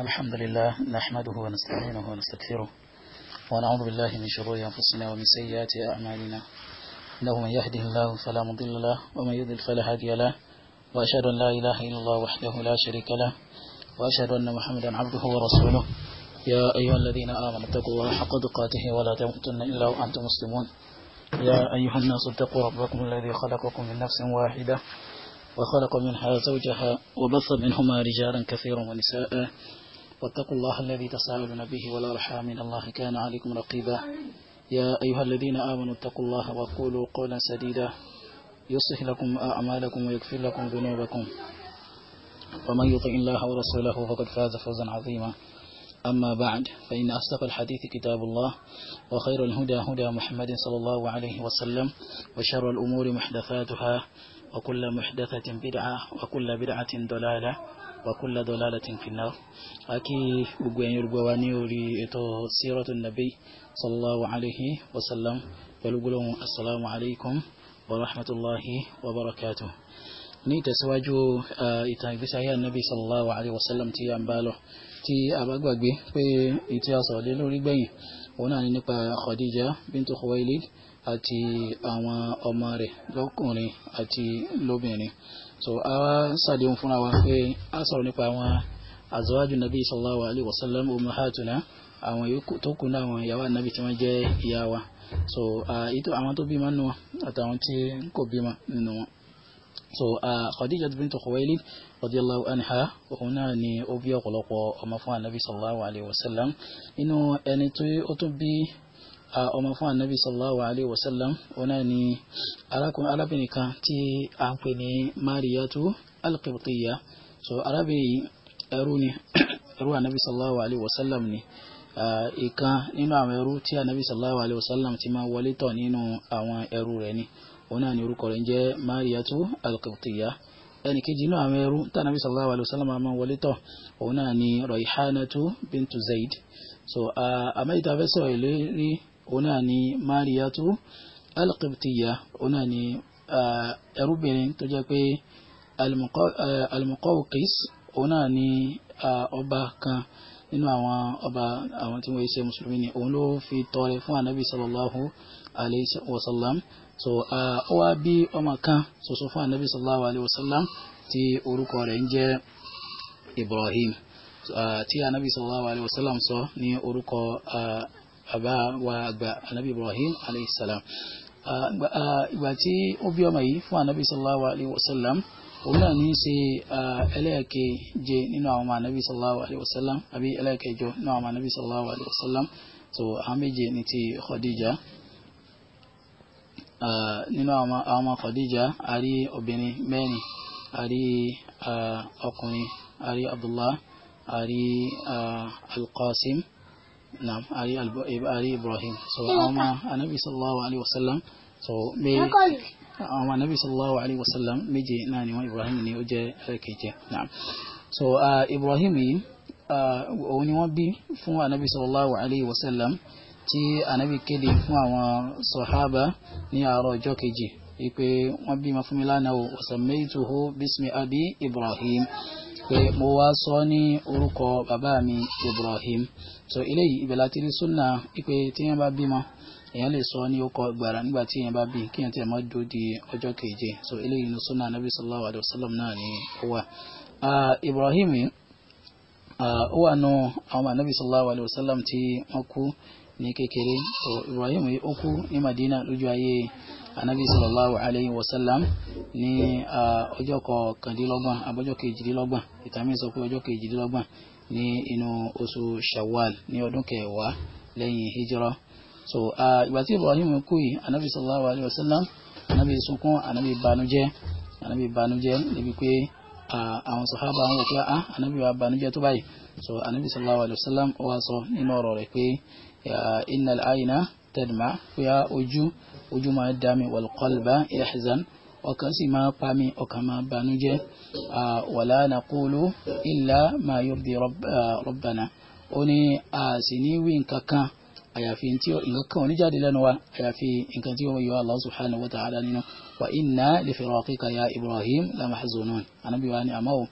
الحمد لله نحمده ونستعينه ونستغفره ونعوذ بالله من شرور أنفسنا ومن سيئات أعمالنا إنه من يهده الله فلا مضل له ومن يضل فلا هادي له وأشهد أن لا إله إلا الله وحده لا شريك له وأشهد أن محمدا عبده ورسوله يا أيها الذين آمنوا اتقوا الله حق تقاته ولا تموتن إلا وأنتم مسلمون يا أيها الناس اتقوا ربكم الذي خلقكم من نفس واحدة وخلق منها زوجها وبث منهما رجالا كثيرا ونساء واتقوا الله الذي تساءلون به والأرحام إن الله كان عليكم رقيبا يا أيها الذين آمنوا اتقوا الله وقولوا قولا سديدا يصلح لكم أعمالكم ويغفر لكم ذنوبكم ومن يطع الله ورسوله فقد فاز فوزا عظيما أما بعد فإن أصدق الحديث كتاب الله وخير الهدى هدى محمد صلى الله عليه وسلم وشر الأمور محدثاتها وكل محدثة بدعة وكل بدعة ضلالة وكل دلالة في النار أكي بقوين يرقواني وريتو سيرة النبي صلى الله عليه وسلم ولقلهم السلام عليكم ورحمة الله وبركاته ní ìtẹ̀síwájú ìtàn ìgbésí ayé ànábì sallallahu alayhi wa sallam tí a ń bá lọ tí a bá gbàgbé pé ìtí a sọ̀rọ̀ lé lórí gbẹ̀yìn òun náà ni nípa Khadija bintu Khuwailid àti àwọn ọmọ rẹ̀ lọ́kùnrin àti lóbìnrin so awa ṣàdéhùn fúnra wa pé a sọ̀rọ̀ nípa àwọn azawaju nabi sallallahu alayhi wa sallam ummahatuna àwọn tó kù náà àwọn ìyàwó anabi tí wọ́n jẹ́ ìyá wa so ètò àwọn tó bímọ nù wọn àtàwọn tí kò bímọ nínú wọn so Khadija bintu Khuwailid radiyallahu anha òun náà ni ó bí ọ̀pọ̀lọpọ̀ ọmọ fún anabi sallallahu alayhi wa sallam ẹni tó tún bí ọmọ fún anabi sallallahu alayhi wa sallam ọ̀nà ni arábìnrin kan tí a ń pè mariyatu alqibtiya so arábìnrin ẹrú ni ẹrú anabi sallallahu alayhi wa sallam ni ìkan nínú àwọn ẹrú tí anabi sallallahu alayhi wa sallam ti máa wọlé tọ̀ nínú àwọn ẹrú rẹ̀ ni ọ̀nà ni orúkọ rẹ̀ ń jẹ́ mariyatu alqibtiya ẹnì kejì inú àwọn ẹrú tí anabi sallallahu alayhi wa sallam máa wọlé tọ̀ ọ̀nà ni raihanatu bintu zaid so àmọ́ ìtafẹ́sọ̀ ìlérí òun náà ni Mariyatu al-Qibtiyya òun náà ni ẹrúbìnrin tó jẹ́ pé al-Muqawqis òun náà ni ọba kan nínú àwọn ọba àwọn tí wọ́n ṣe mùsùlùmí ni òun ló fi tọrẹ fún anabi sallallahu alayhi wa sallam so ó wá bí ọmọ kan ṣoṣo fún anabi sallallahu alayhi wa sallam tí orúkọ rẹ̀ ń jẹ́ Ibrahim tí anabi sallallahu alayhi wa sallam sọ ní orúkọ bàbá wa àgbà anabi ibrahim alayhi salam ìgbà tí ó bí ọmọ yìí fún anabi sallallahu alayhi wa sallam òun náà ní í ṣe ẹlẹ́ẹ̀keje nínú àwọn ọmọ anabi sallallahu alayhi wa sallam àbí ẹlẹ́ẹ̀kẹjọ nínú àwọn ọmọ anabi sallallahu alayhi wa sallam so àwọn méje ní ti Khadija nínú àwọn ọmọ Khadija a rí obìnrin mẹ́rin a rí ọkùnrin a rí Abdullah a rí al naam ari ari ibrahim so àwọn anabi sallallahu alayhi wa sallam so me àwọn anabi sallallahu alayhi wa sallam méje náà ni wọn ibrahim ni ó jẹ ẹlẹ́kẹ̀jẹ naam so ah, ibrahim yìí òun ni wọ́n bí fún anabi sallallahu alayhi wa sallam tí anabi kéde fún àwọn sọ̀hábà ní àárọ̀ ọjọ́ kejì wípé wọ́n bí ma fún mi lánàá o wasammaytuhu bismi abi ibrahim pé mo wá sọ ní orúkọ bàbá mi Ibrahim so eléyìí ibẹ̀ láti rí súnà ipe tí yẹn bá bímọ èèyàn lè sọ ní orúkọ gbàrà nígbà tí yẹn bá bí kí yẹn tẹ̀ mọ́ dúró di ọjọ́ keje so eléyìí ní súnà nabi sallallahu alayhi wa sallam náà ni ó wà Ibrahim yìí ó wà nù àwọn anabi sallallahu alayhi wa sallam tí wọ́n kú ní kékeré so Ibrahim yìí ó kú ní Madina lójú ayé anabi sallallahu alayhi wa sallam ní ọjọ́ kọkàndínlọ́gbọ̀n abọ́jọ́ kejìdínlọ́gbọ̀n ìtàmì sọ pé ọjọ́ kejìdínlọ́gbọ̀n ní inú oṣù shawwal ní ọdún kẹwàá lẹ́yìn hijra so ìgbà tí ibrahim kú yìí anabi sallallahu alayhi wa sallam anabi sunkún anabi banújẹ́ anabi banújẹ́ níbi pé àwọn sàhábà àwọn òkú ah anabi wa banújẹ́ tó báyìí so anabi sallallahu alayhi wa sallam ó wá sọ nínú ọ̀rọ̀ rẹ̀ pé innal ayna tadma pé ojú ojú máa dá mi wal qalba yahzan ọkàn sì máa pa mi ọkàn máa banújẹ́ wala naqulu illa ma yurdi rabbana ó ní a sì ní wí nǹkan kan àyàfi tí nǹkan kan ò ní jáde lẹ́nu wa àyàfi nǹkan tí ó yọ Allah subhanahu wa ta'ala nínú wa inna li firaqika ya Ibrahim la mahzunun anabi wa ni àmọ́ o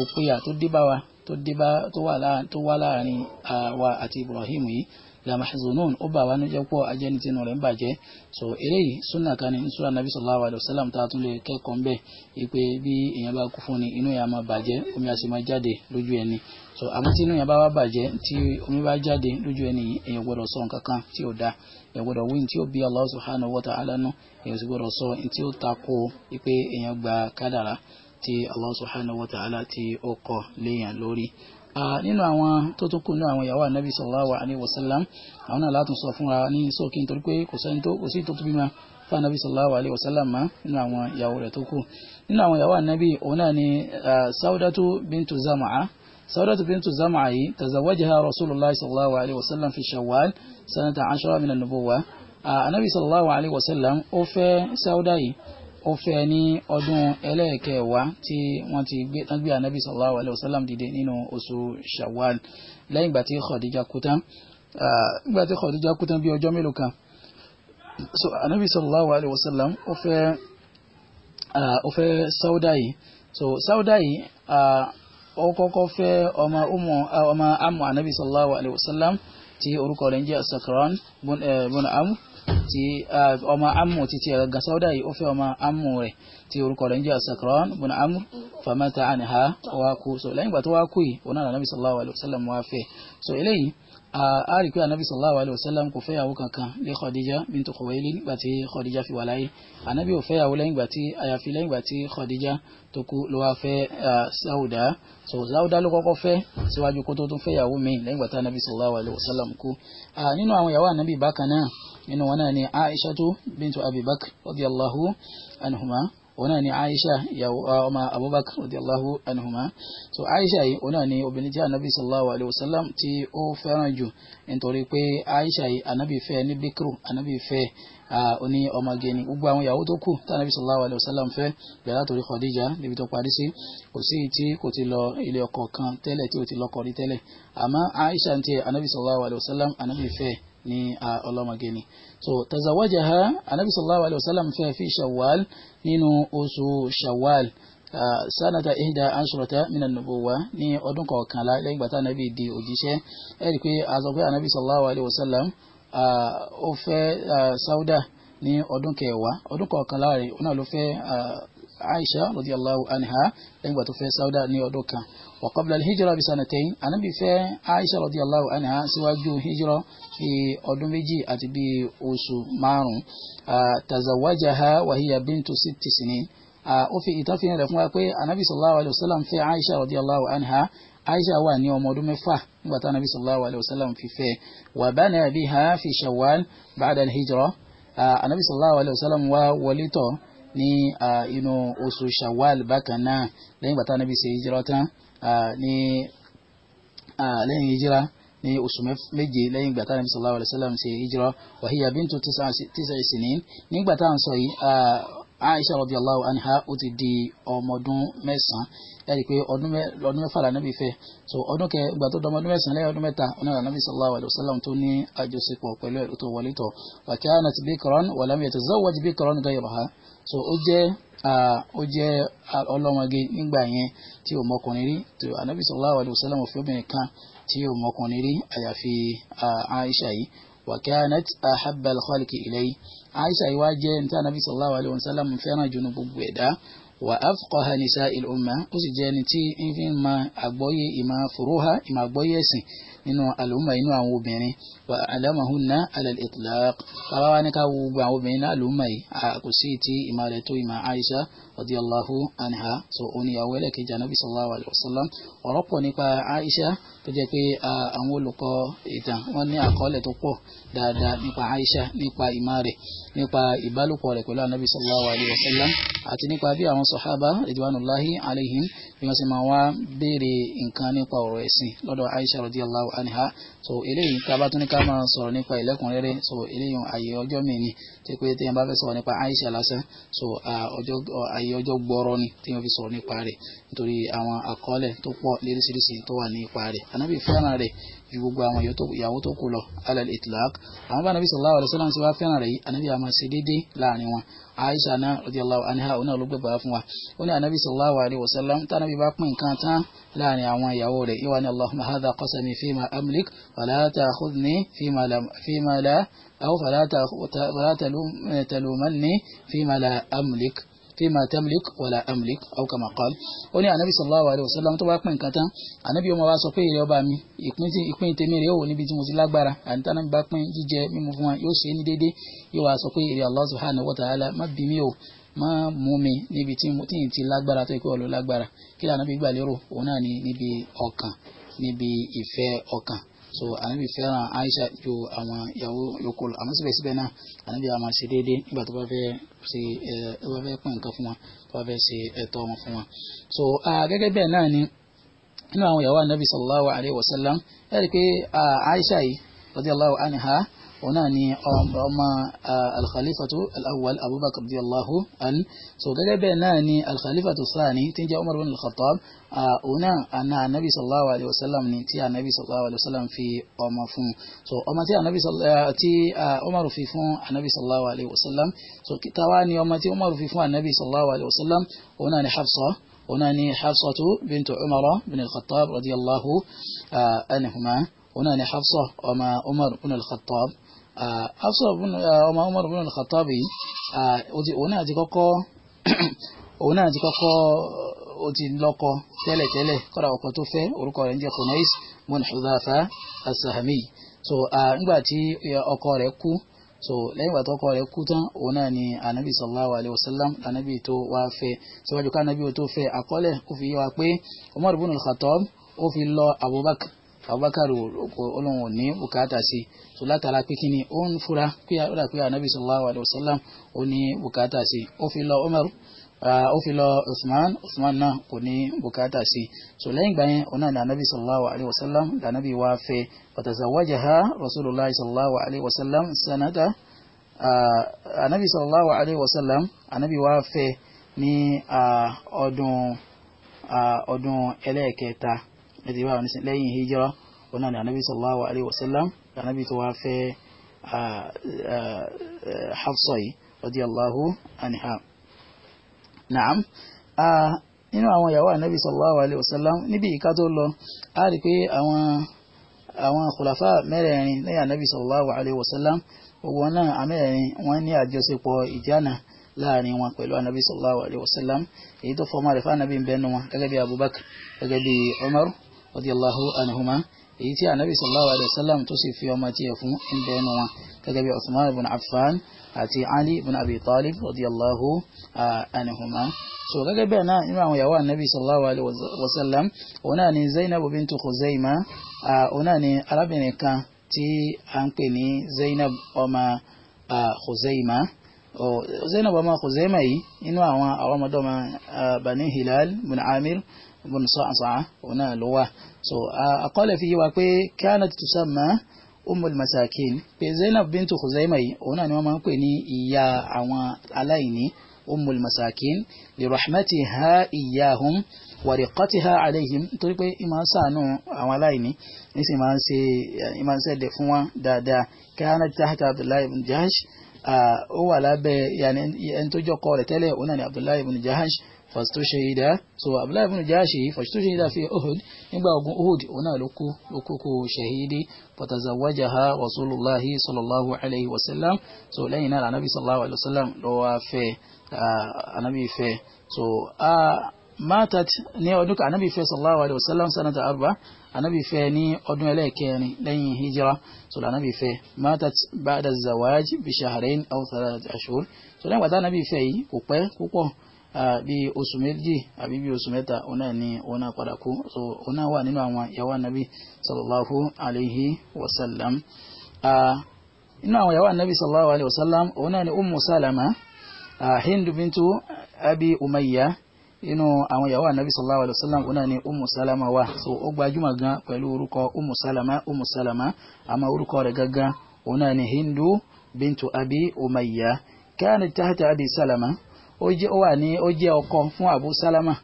òpìyà tó dé bá wa tó wà láàrin wa àti Ibrahim yìí lamahzunun ó bà wá ní jẹ́pọ̀ ajẹ́ni tí inú rẹ̀ ń bàjẹ́ so eléyìí súnà kan ní sura nabi sallallahu alayhi wa sallam tá a tún lè kẹ́kọ̀ọ́ mbẹ́ ipe bí èèyàn bá kú fún ni inú yà máa bàjẹ́ omi a máa jáde lójú ẹni so àmọ́ tí inú yà bá wá bàjẹ́ tí omi bá jáde lójú ẹni yìí èèyàn gbọ́dọ̀ sọ nǹkan kan tí ò dáa èèyàn gbọ́dọ̀ wí tí ó bí Allah subhanahu wa ta'ala nù èèyàn sì gbọ́dọ̀ sọ tí ó takò ipe èèyàn gba kádàrá tí Allah subhanahu wa ta'ala tí ó kọ léèyàn lórí nínú àwọn tó tún kù nínú àwọn ìyàwó ànábì sallallahu alaihi wasallam àwọn náà látún sọ fúnra ní sókè nítorí pé kò sẹ́ni tó kò sí tó tóbi ma fún ànábì sallallahu alaihi wasallam ma nínú àwọn ìyàwó rẹ̀ tó kù nínú àwọn ìyàwó ànábì òun náà ni saudatu bintu zama'a saudatu bintu zama'a yìí tazawajaha rasulullah sallallahu alaihi wasallam fi shawwal sanata ashara min an ànábì sallallahu alaihi wasallam ó fẹ́ sauda yìí ó fẹ́ ní ọdún ẹlẹ́ẹ̀kẹwàá tí wọ́n ti gbé tán gbé anabi sallallahu alayhi wa sallam dìde nínú oṣù shawwal lẹ́yìn ìgbà tí khadija kú tán ìgbà tí khadija kú tán bí ọjọ́ mélòó kan so anabi sallallahu alayhi wa sallam ó fẹ́ ó yìí so sauda yìí ó kọ́kọ́ fẹ́ ọmọ umu ọmọ amu anabi sallallahu alayhi wa sallam tí orúkọ rẹ̀ ń jẹ́ asakran bun eh, amu tí uh, ọmọ amú títí ẹ̀ gan Sauda yìí ó fẹ́ ọmọ amú rẹ̀ tí orúkọ rẹ̀ ń jẹ́ Sakran bùnà amú famata anha wa kú so lẹ́yìn ìgbà tó wá kú yìí òun náà nàbí sallallahu alayhi wa sallam wá fẹ́ so eléyìí a rí pé anabi sallallahu alayhi wa sallam kò fẹ́yàwó kankan lé Khadija bintu Khuwaili nígbà tí Khadija fi wà láyé anabi ò fẹ́yàwó lẹ́yìn ìgbà tí àyàfi lẹ́yìn ìgbà tí Khadija tó kú ló wá fẹ́ uh, Sauda so Sauda ló kọ́kọ́ fẹ́ síwájú kó tó tún fẹ́yàwó mi lẹ́yìn ìgbà anabi sallallahu alayhi wa sallam kú uh, nínú àwọn ìyàwó anabi bákan nínú wọn náà ni aishatu bintu abibak radiyallahu anhuma wọn náà ni aisha ìyàwó ọmọ abubakar radiyallahu anhuma so aisha yìí wọn náà ni obìnrin tí anabi sallallahu alayhi wa sallam tí ó fẹ́ràn jù nítorí pé aisha yìí anabi fẹ́ ní bikru anabi fẹ́ oní ọmọge ni gbogbo àwọn ìyàwó tó kù tánàbí sallallahu alayhi wa sallam fẹ́ bẹ̀rẹ̀ torí Khadija níbi tó parí sí kò sí tí kò ti lọ ilé ọkọ kan tẹ́lẹ̀ tí ò ti lọ kọrí tẹ́lẹ̀ àmọ́ Aisha ń anabi sallallahu alayhi wa anabi fẹ́ ní ọlọ́mọge ni so tazawajaha anabi sallallahu alayhi wa sallam fẹ́ fi shawwal nínú oṣù shawwal sanata ihda ashurata min an-nubuwwa ní ọdún kọkànlá lẹ́yìn gbàtà anabi di òjíṣẹ́ ẹ rí i pé a sọ pé anabi sallallahu alayhi wa sallam ó fẹ́ sauda ní ọdún kẹwàá ọdún kọkànlá rẹ̀ ó náà ló fẹ́ aisha radiyallahu anha lẹ́yìn ìgbà tó fẹ́ sauda ní ọdún kan wa qabla al-hijra bi sanatayn anabi fẹ́ aisha radiyallahu anha síwájú hijra bí ọdún méjì àti bí oṣù márùn-ún tazawajaha wa hiya bintu sitti sinin ó fi ìtọ́fin rẹ̀ fún wa pé anabi sallallahu alayhi wa sallam fẹ́ aisha radiyallahu anha aisha wà ní ọmọ ọdún mẹ́fà nígbà tí anabi sallallahu alayhi wa sallam fi fẹ́ wa bana biha fi shawwal ba'da al anabi sallallahu alayhi wa sallam wa wọlé tọ́ ní inú oṣù shawwal bákan náà lẹ́yìn bàtà níbi ṣe hijira tán ní lẹ́yìn hijira ní oṣù méje lẹ́yìn ìgbà táwọn sallallahu alaihi wasallam ṣe hijira wàhíyà bíntu tíṣà ìsìnín nígbà táwọn sọ yìí aisha radiyallahu anha ó ti di ọmọ ọdún mẹ́sàn-án ẹ̀rí pé ọdún mẹ́fà là níbi fẹ́ so ọdún kẹ ìgbà tó dọmọ ọdún mẹ́sàn-án lẹ́yìn ọdún mẹ́ta ọ̀nà ànábì sallallahu alaihi wasallam tó ní àjọṣepọ̀ pẹ̀lú ẹ̀rọ tó wọlé tọ̀ wa kanat bikran wa lam yatazawwaj bikran ghayraha so ó jẹ́ ó jẹ́ ọlọ́mọge nígbà yẹn tí ò mọkùnrin rí tó anabi sallallahu alayhi wa sallam òfin obìnrin kan tí ò mọkùnrin rí àyàfi aisha yìí wa kanat ahabba al-khalqi ilay aisha yìí wá jẹ́ níta anabi sallallahu alayhi wa sallam fẹ́ràn jù gbogbo ẹ̀dá wà afqaha nisa'i al-umma ó sì jẹ́ ẹni tí ń fi ma àgbọ́yé ìmọ̀ furuha ìmọ̀ àgbọ́yé ẹ̀sìn nínú àlùmọ̀ inú àwọn obìnrin wà alamahunna ala al-itlaq bàbá wa ní ká wo gbogbo àwọn obìnrin ní àlùmọ̀ yìí kò ti ìmọ̀ rẹ̀ tó ìmọ̀ Aisha radiyallahu anha so òun ìyàwó ẹlẹ́kejì anabi sallallahu alayhi wa sallam ọ̀rọ̀ pọ̀ nípa aisha tó jẹ́ pé àwọn olùkọ́ ìtàn wọ́n ní àkọọ́lẹ̀ tó pọ̀ dáadáa nípa aisha nípa ìmá rẹ̀ nípa ìbálòpọ̀ rẹ̀ pẹ̀lú anabi sallallahu alayhi wa sallam àti nípa bí àwọn sọ̀hábà ridwanullahi alayhim bí wọ́n sì máa wá béèrè nǹkan nípa ọ̀rọ̀ ẹ̀sìn lọ́dọ̀ aisha radiyallahu anha so eléyìí ká bá tún ní ká máa sọ̀rọ̀ nípa ìlẹ́kùnrẹ́rẹ́ so eléyìí àyè ọjọ́ mi ni tí pé tí wọ́n bá fẹ́ sọ̀rọ̀ nípa aisha lásán so àyè ọjọ́ gbọ́rọ́ ni tí wọ́n fi sọ̀rọ̀ nípa rẹ̀ nítorí àwọn àkọọ́lẹ̀ tó pọ̀ lóríṣiríṣi tó wà nípa rẹ̀ ànábì fẹ́ràn rẹ̀ ju gbogbo àwọn ìyàwó tó kù lọ alal itlaq àwọn bá nàbí sallallahu alaihi wasallam ti wá fẹ́ràn rẹ̀ yìí ànábì àmọ́ ṣe déédéé láàrin wọn aisha náà radiyallahu anha òun náà ló fún wa ó ní ànábì sallallahu alaihi wasallam tá ànábì bá pín nǹkan tán láàrin àwọn ìyàwó rẹ̀ yíwa ní allahumma hadha qasami fima amlik wala ta'khudhni fima la aw fala eh, talumanni fima la amlik fima tamlik wala amlik aw kama qal ó ní anabi sallallahu alayhi wa sallam tó bá pín nǹkan tán anabi ó máa wá sọ pé èrè ọba mi ìpín tí ìpín tèmi rèé wò níbi tí mo ti lágbára àti tánàbí bá pín jíjẹ mímu fún wa yóò ṣe é ní déédéé yóò wá sọ pé èrè allah subhanahu wa ta'ala má bí mi o má mú mi níbi tí mo ti lágbára tó ikú ọ̀lọ́ lágbára kí lànà bí gbà lérò òun náà ní níbi ọkàn níbi ìfẹ́ ọkàn so anabi fẹ́ràn aisha ju àwọn ìyàwó yòókù lọ àmọ́ síbẹ̀síbẹ̀ náà anabi àwọn ṣe déédéé nígbà tó bá fẹ́ ṣe ẹ tó bá fẹ́ pín nǹkan fún wọn tó bá fẹ́ ṣe ẹ̀tọ́ wọn fún wọn so gẹ́gẹ́ bẹ́ẹ̀ náà ni nínú àwọn ìyàwó anabi sallallahu alayhi wa sallam ẹ rí pé aisha yìí radiyallahu anha هنا ني عمر الخليفة الأول أبو بكر رضي الله عنه سو جا ناني الخليفة الثاني تيجي عمر بن الخطاب هنا أن النبي صلى الله عليه وسلم نتي النبي صلى الله عليه وسلم في عمر فون سو أما تي النبي صلى تي عمر في فون النبي صلى الله عليه وسلم سو كتواني أما تي عمر في فون النبي صلى الله عليه وسلم هنا ني حفصة هنا ني حفصة بنت عمر بن الخطاب رضي الله عنهما هنا حفصة وما عمر بن الخطاب aṣọ ọmọ Umar bin al-Khattab yìí uh, òun náà ti kọ́kọ́ òun náà ti kọ́kọ́ uh, ó ti lọ́kọ tẹ́lẹ̀tẹ́lẹ̀ kọ́ra ọkọ tó fẹ́ orúkọ rẹ̀ ń jẹ́ Khunais bin Hudhafa as-Sahmi so uh, nígbà tí ọkọ rẹ̀ kú so lẹ́yìn ìgbà tó ọkọ rẹ̀ kú tán òun náà ni anabi sallallahu alayhi wa sallam anabi tó wá fẹ́ síwájú ká anabi tó fẹ́ àkọọ́lẹ̀ ó fi yé wa pé Umar bin al-Khattab ó fi lọ Abubakar Abubakar Ọlọ́run ò ní bùkátà sí so látara pé kí ó ń fura pé àdúrà pé anabi sallallahu alayhi wa sallam ó ní bùkátà sí ó fi lọ Umar ó fi lọ Usman Usman náà kò ní bùkátà sí so lẹ́yìn ìgbà ọ̀nà anabi sallallahu alayhi wa sallam lànàbí wa fẹ́ fatazawajaha rasulillah sallallahu alayhi wa sallam sanata anabi sallallahu alayhi wa sallam anabi wa fẹ́ ní ọdún ọdún ẹlẹ́ẹ̀kẹta ẹtì bá wọn lẹ́yìn hijira wọn náà ni anabi sallallahu alayhi wa sallam anabi tó wá fẹ́ hafsa yìí radiyallahu anha. naam nínú àwọn ìyàwó anabi sallallahu alayhi wa sallam níbi ìka tó lọ a rí pé àwọn àwọn khulafa mẹ́rẹ̀ẹ̀rin lẹ́yìn anabi sallallahu alayhi wa sallam gbogbo wọn náà amẹ́rẹ̀ẹ̀rin wọn ní àjọṣepọ̀ ìjánà láàrin wọn pẹ̀lú anabi sallallahu alayhi wa èyí tó fọmọ rẹ̀ fún anabi ń bẹnu wọn gẹ́gẹ́ bí abubakar gẹ́gẹ́ bí umar radiyallahu anhuma èyí tí anabi sallallahu alayhi wa sallam tó sì fi ọmọ tiẹ̀ fún ń bẹ́ẹ̀ nù wọn gẹ́gẹ́ bí Uthman ibn Affan àti Ali ibn Abi Talib radiyallahu anhuma so gẹ́gẹ́ bẹ́ẹ̀ náà nínú àwọn ìyàwó anabi sallallahu alayhi wa sallam òun náà ni Zainab bintu Khuzaima òun náà ni arábìnrin kan tí a ń pè ní Zainab ọmọ Khuzaima Zainab ọmọ Khuzaima yìí nínú àwọn àwọn ọmọdé ọmọ Bani Hilal ibn Amir ibn Sa'sa'a òun náà ló so àkọọ́lẹ̀ fi yí wa pé kanat tusamma umul masakin pé Zainab bintu Khuzaimah yìí òun náà ni wọ́n máa ń pè ní ìyá àwọn aláìní umul masakin li rahmatiha iyahum wa riqatiha alayhim nítorí pé ìmọ̀ ń sàánú àwọn aláìní nísìnyí máa ń ṣe ìmọ̀ ń ṣẹ̀dẹ̀ fún wọn dáadáa kanat tahta Abdullahi ibn Jahsh ó wà lábẹ́ ẹni tó jọ́kọ rẹ̀ tẹ́lẹ̀ òun náà ni Abdullahi ibn Jahsh فاستشهد سواء بلا ابن جاشي فاستشهد في أهد إن باغن أهد هنا لكو لكو شهيدي فتزوجها رسول الله صلى الله عليه وسلم سو لينا النبي صلى الله عليه وسلم لو في آه، النبي في سو آه، ماتت ني ودك النبي في صلى الله عليه وسلم سنة أربعة النبي في ني ودن لكني لين هجرة سو النبي في ماتت بعد الزواج بشهرين أو ثلاثة أشهر سو لين ودا النبي في كوبا كوبا Ah, bí oṣù méjì àbí bí oṣù mẹ́ta òun náà ni òun náà padà kú so òun náà wà nínú àwọn ìyàwó anabi sallallahu alayhi wa sallam inú ah, àwọn ìyàwó anabi sallallahu alayhi wa sallam òun náà ni ummu salama ah, hindu bintu abi umayya inú àwọn ìyàwó anabi sallallahu alayhi wa sallam òun náà ni ummu salama wà so ó gbajúmọ̀ gan pẹ̀lú orúkọ ummu salama ummu salama àmọ́ orúkọ rẹ̀ gangan òun náà ni hindu bintu abi umayya kanat abi salama ó jẹ́ ó wà ní ó jẹ́ ọkọ fún abu salama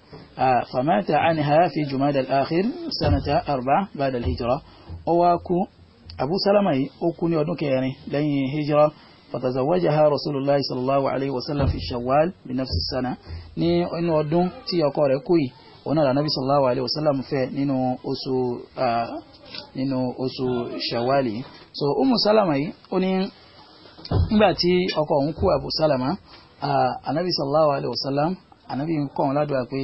famata anha fi jumada al-akhir sanata arba badal hijra ó wá kú abu salama yìí ó kú ní ọdún kẹrin lẹ́yìn hijra fatazawajaha rasulullah sallallahu alayhi wa sallam fi shawwal bi nafsi sana ní inú ọdún tí ọkọ rẹ̀ kú yìí ona la nabi sallallahu alaihi wasallam fẹ́ nínú oṣù nínú oṣù shawali so umu salama yìí ó ní nígbà tí ọkọ òun abu salama anabi sallallahu alayhi wa sallam anabi ń kọ́ wọn ládùúgbà pé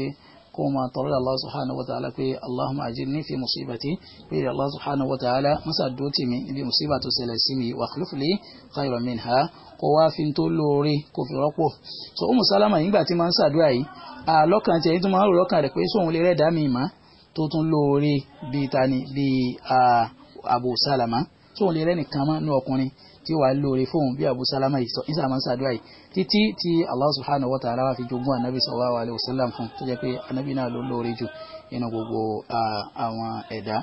kó o máa tọrọ Allah subhanahu wa ta'ala pé allahumma ajirni fi musibati pé Allah subhanahu wa ta'ala musa dúró tì mí ibi musiba tó ṣẹlẹ̀ sí mi wa akhlif li khayran minha kó wá fi tó lóore kó fi rọ́pò so Umu Salama yìí gbà tí máa ń ṣàdúrà yìí àlọ́kàn tiẹ̀ tó máa ń rò lọ́kàn rẹ̀ pé sóun lè rẹ̀ mi mọ́ tó tún lóore bíi tani bíi Abu Salama sóun lè rẹ́ nìkan mọ́ ní ọkùnrin tí ó wà lóore fóun bí Abu Salama yìí sọ ìsàmọ́ sàdúrà yìí títí tí Allah subhanahu wa ta'ala fi jogún anabi sallallahu alayhi wa sallam fún tó jẹ́ pé anabi náà ló lóore jù nínú gbogbo àwọn ẹ̀dá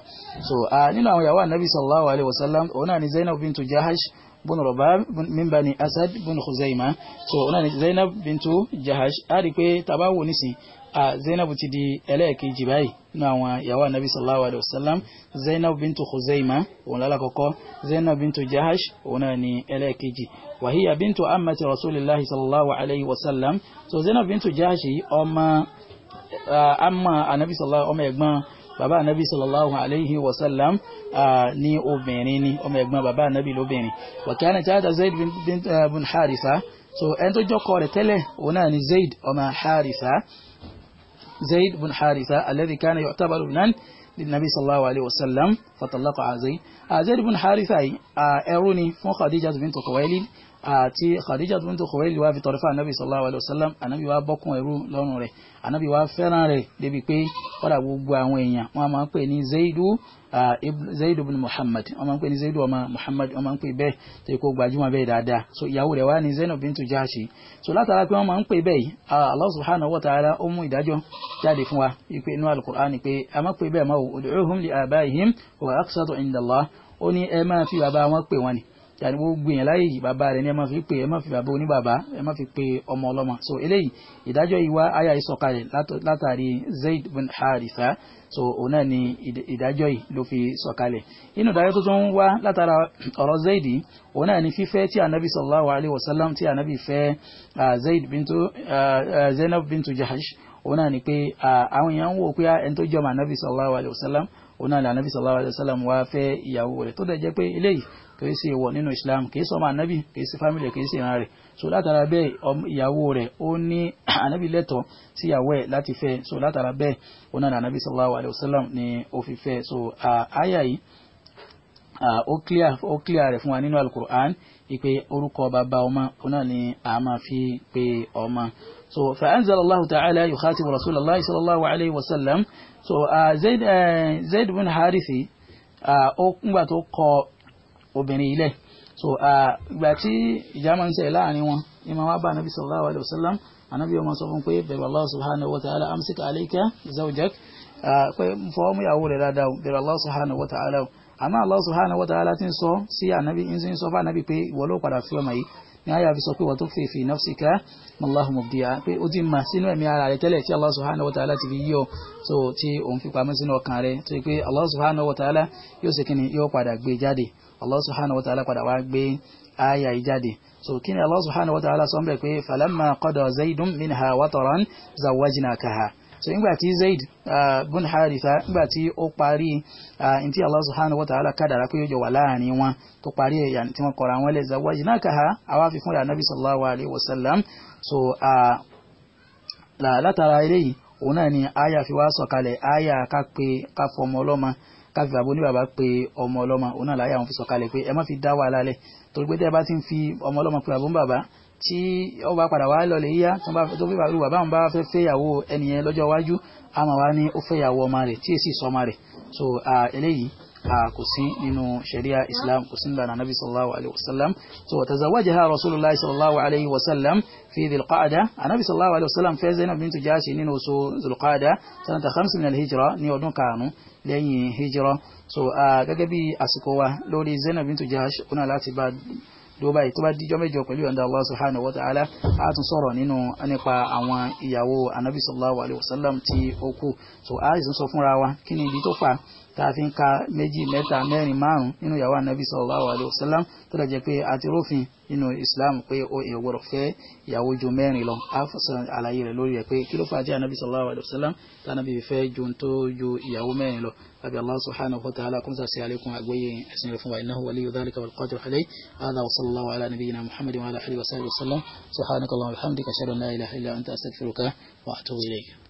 so nínú àwọn ìyàwó anabi sallallahu alayhi wa sallam òun náà ni Zainab bintu Jahash بن رباب من بني أسد بن خزيمة so ona ni Zainab bintu Jahash a rí i pé tá a bá wò nísìn Zainab ti di ẹlẹ́ẹ̀kejì báyìí nínú àwọn ìyàwó anabi sallallahu alayhi wa sallam zainab bintu khuzaima òun lálàkọ́kọ́ zainab bintu jahash òun náà ní ẹlẹ́ẹ̀kejì wàhíyà bintu amati rasulillahi sallallahu alayhi wa sallam so zainab bintu jahash ọmọ amma anabi sallallahu ọmọ ẹ̀gbọ́n bàbá anabi sallallahu alayhi wa sallam ní obìnrin ní ọmọ ẹ̀gbọ́n bàbá anabi lóbìnrin wàkíyànà tí a zaid bin harisa so ẹni tó jọkọ rẹ̀ tẹ́lẹ̀ òun náà ní zaid ọmọ harisa زيد بن حارثة الذي كان يعتبر ابنا للنبي صلى الله عليه وسلم فطلق زيد آه، زيد بن حارثة أروني آه، فخديجة بنت قويلد àti khadija tó ń tó kọ̀wé ìlú wa fi tọrọ fún anabi sallallahu alayhi wa sallam anabi wa bọ́kùn ẹ̀rú lọ́rùn rẹ̀ anabi wa fẹ́ràn rẹ̀ débi pé kọ́dà gbogbo àwọn èèyàn wọ́n máa ń pè ní zaidu zaidu bin muhammad wọ́n máa ń pè ní zaidu ọmọ muhammad wọ́n máa ń pè bẹ́ẹ̀ tó kó gbajúmọ̀ bẹ́ẹ̀ dáadáa so ìyàwó rẹ̀ wá ní zainab bintu jahashi so látara pé wọ́n máa ń pè bẹ́ẹ̀ allah subhanahu wa ta'ala ó mú ìdájọ́ jáde fún wa ipe inú alukur'ani pé a máa pè bẹ́ẹ̀ máa wò ud'uhum li abaihim wa aqsatu inda allah ó ní ẹ máa fi bàbá wọn pè wọn ni yàrá gbogbo èèyàn láyè yìí bàbá rẹ̀ ni ẹ má fi pè ẹ má fi bàbá oníbàbá ẹ má fi pè ọmọ ọlọ́mọ so eléyìí ìdájọ́ yìí wá àyà ìsọ̀kalẹ̀ látàrí Zaid bin Haritha so òun náà ni ìdájọ́ yìí ló fi sọ̀kalẹ̀ inú ìdájọ́ tó tún ń wá látara ọ̀rọ̀ Zaid òun náà ni fífẹ́ tí anabi sallallahu alayhi wa sallam tí anabi fẹ́ Zaid bintu Zainab bintu Jahash òun náà ni pé àwọn èèyàn ń wò pé ẹni tó jọmọ anabi sallallahu alayhi wa sallam òun náà ni anabi sallallahu alayhi wa sallam wá fẹ́ ìyàwó rẹ̀ tó dẹ̀ jẹ́ pé eléyìí kìí ṣe ìwọ nínú islam kìí sọmọ anabi kìí ṣe family kìí ṣe ìran rẹ̀ so látara bẹ́ẹ̀ ìyàwó rẹ̀ ó ní anabi lẹ́tọ̀ọ́ sí ìyàwó ẹ̀ láti fẹ́ so látara bẹ́ẹ̀ ó náà anabi sallallahu alayhi wa sallam ni ó fi fẹ́ so àyà yìí ó clear ó clear rẹ̀ fún wa nínú alukur'an ìpè orúkọ bàbá ọmọ ó náà ni a máa fi pe ọmọ so fa anzalallahu ta'ala yukhatibu rasulallahi sallallahu alayhi wa sallam so zayd eh, zayd bin harithi ó ngbà tó kọ obìnrin ilẹ̀ so ìgbà tí ìjà máa ń ṣe láàrin wọn ni màá wá bá anabi sallallahu alayhi wa sallam anabi ọmọ sọ fún pé bẹ̀rù allah subhanahu wa ta'ala amsik alayka zawjak pé fọwọ́ mú ìyàwó rẹ̀ dáadáa bẹ̀rù allah subhanahu wa ta'ala àmọ́ allah subhanahu wa ta'ala ti ń sọ sí anabi ń sọ fún anabi pé ìwọ ló padà fi ọmọ yìí ní àyà fi sọ pé wọ́n tó fèèfè nafsika mọ́láhùn mọ̀bíyà pé ó ti mà sínú ẹ̀mí ara rẹ̀ tẹ́lẹ̀ tí Allah subhanahu wa ta'ala ti fi yíò tó tí òun fi pamọ́ sínú ọkàn rẹ̀ tó pé Allah subhanahu wa ta'ala yóò ṣe kíni yóò padà gbé jáde Allah subhanahu wa ta'ala padà wá gbé aya yìí so kí ni Allah subhanahu wa ta'ala sọ ń bẹ̀ pé falamma qada zaidun minha wataran zawajnakaha so nígbà tí zaid ah, bun haritha nígbà tí ó parí ah, ntí Allah subhanahu wa ta'ala kádàrá pé yóò wà láàrin wọn tó parí ẹ̀yà tí wọ́n kọ̀ra wọn lẹ̀ zawajnakaha àwa fi fún ìyànàbí sallallahu alayhi wa sallam so ah, látara eléyìí òun náà ni aya fi wá sọ̀kalẹ̀ aya ká pé ká fọmọ ọlọ́mọ káfíńtà bó ní bàbá pé ọmọ ọlọ́mọ òun náà láyà wọn fi sọ̀kalẹ̀ pé ẹ má fi dá wàhálà lẹ̀ torí pé tẹ́ ẹ bá ti ń fi ọmọ ọlọ́mọ pé àbó ń bàbá tí ó bá padà wá lọlẹ̀ yíyá tó fi bàbá bàbá òun bá fẹ́ fẹ́yàwó ẹnìyẹn lọ́jọ́ iwájú àmọ́ wá ní ó fẹ́yàwó ọmọ rẹ̀ tí èsì sọmọ rẹ̀ so eléyìí kò sí nínú sharia islam kò sí nílànà nabi sallallahu alayhi wa sallam so tazawajaha rasulullah sallallahu alayhi wa sallam fi dhulqaada anabi sallallahu alayhi wa sallam fẹ́ zainab bintu jashi nínú oṣù dhulqaada sanata khamsi min alhijra ní ọdún karùn-ún lẹ́yìn hijra so gẹ́gẹ́ bí àsìkò wa lórí zainab bintu jashi kúnà láti bá dubai tó bá díjọ́ mẹ́jọ pẹ̀lú ọ̀dà allah subhanahu wa ta'ala a tún sọ̀rọ̀ nínú nípa àwọn ìyàwó anabi sallallahu alayhi wa sallam tí so a sì sọ fúnra wa kí ni ibi tó fà tá a fi ń ka méjì mẹ́ta mẹ́rin márùn-ún nínú ìyàwó anabi sallallahu alayhi wa sallam tó lè jẹ́ pé a ti rófin nínú islam pé o ìwọ̀rọ̀ fẹ́ ìyàwó ju mẹ́rin lọ a fọ́sọ̀ àlàyé rẹ̀ lórí rẹ̀ pé kí ló fà á jẹ́ anabi sallallahu alayhi wa sallam tá anabi fẹ́ ju tó ju ìyàwó mẹ́rin lọ abi allah subhanahu wa ta'ala kún sàṣẹ àlékún àgbóyè ẹ̀sìn rẹ̀ fún wa innahu waliyu dhalika wal qadir alayhi hadha wa sallallahu ala nabiyyina muhammadin wa ala alihi wa sahbihi wa sallam subhanaka allahumma wa bihamdika ashhadu